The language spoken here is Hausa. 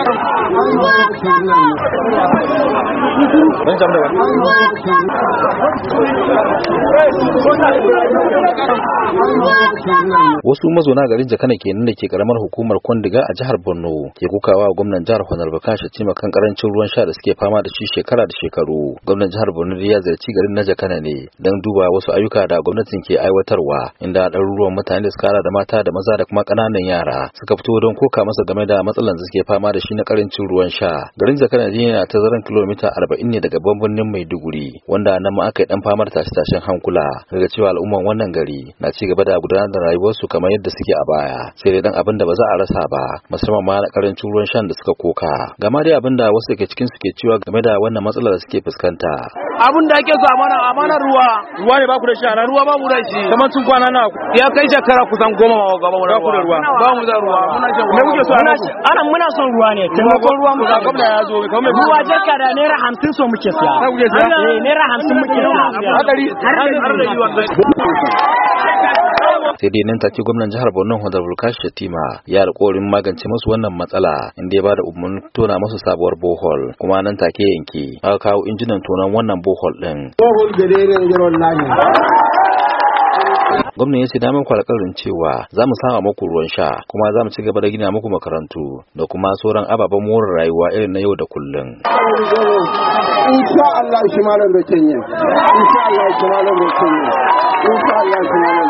Mun Wasu mazauna garin Jakana kenan da ke karamar hukumar Kwandiga a jihar Borno ke kukawa gwamnan jihar Honar Bakashi Tima karancin ruwan sha da suke fama da shi shekara da shekaru. Gwamnan jihar Borno ya ziyarci garin na Jakana ne don duba wasu ayyuka da gwamnatin ke aiwatarwa inda ɗaruruwan mutane da suka hada da mata da maza da kuma ƙananan yara suka fito don koka masa game da matsalan da suke fama da shi na karancin ruwan sha. Garin Jakana ne na tazaran kilomita arba'in ne daga babban birnin Maiduguri wanda nan ma aka yi ɗan famar tashe-tashen hankula daga cewa al'umman wannan gari na ci gaba da gudanar da rayuwarsu kamar yadda suke a baya sai dai dan abin da ba za a rasa ba musamman ma karancin ruwan shan da suka koka gama dai abin da wasu daga cikin suke cewa game da wannan matsalar da suke fuskanta abin da ake zuwa mana amana ruwa ruwa ne ba ku da shi ana ruwa ba mu da shi kamar sun kwana na ya kai shekara kusan goma ma gaba mu da ruwa ba mu da ruwa muna shan ruwa me kuke so ana ana muna son ruwa ne taimakon ruwa mu da gwamna ya zo kamar ruwa jaka da naira 50 so muke siya Ne naira 50 muke siya har da har da sai dai nan take gwamnan jihar Borno Honorable Kashi Shatima ya alƙawarin magance musu wannan matsala inda ya bada umarnin tona musu sabuwar bohol kuma nan take yanke aka kawo injinan tona wannan bohol din bohol da dai ne gwamnan ya ce damar kwalkarin cewa za mu sama muku ruwan sha kuma za mu ci gaba da gina muku makarantu da kuma sauran ababen more rayuwa irin na yau da kullum. Insha Allah shi malam da Kenya. Insha Allah shi malam da Kenya. Insha Allah shi malam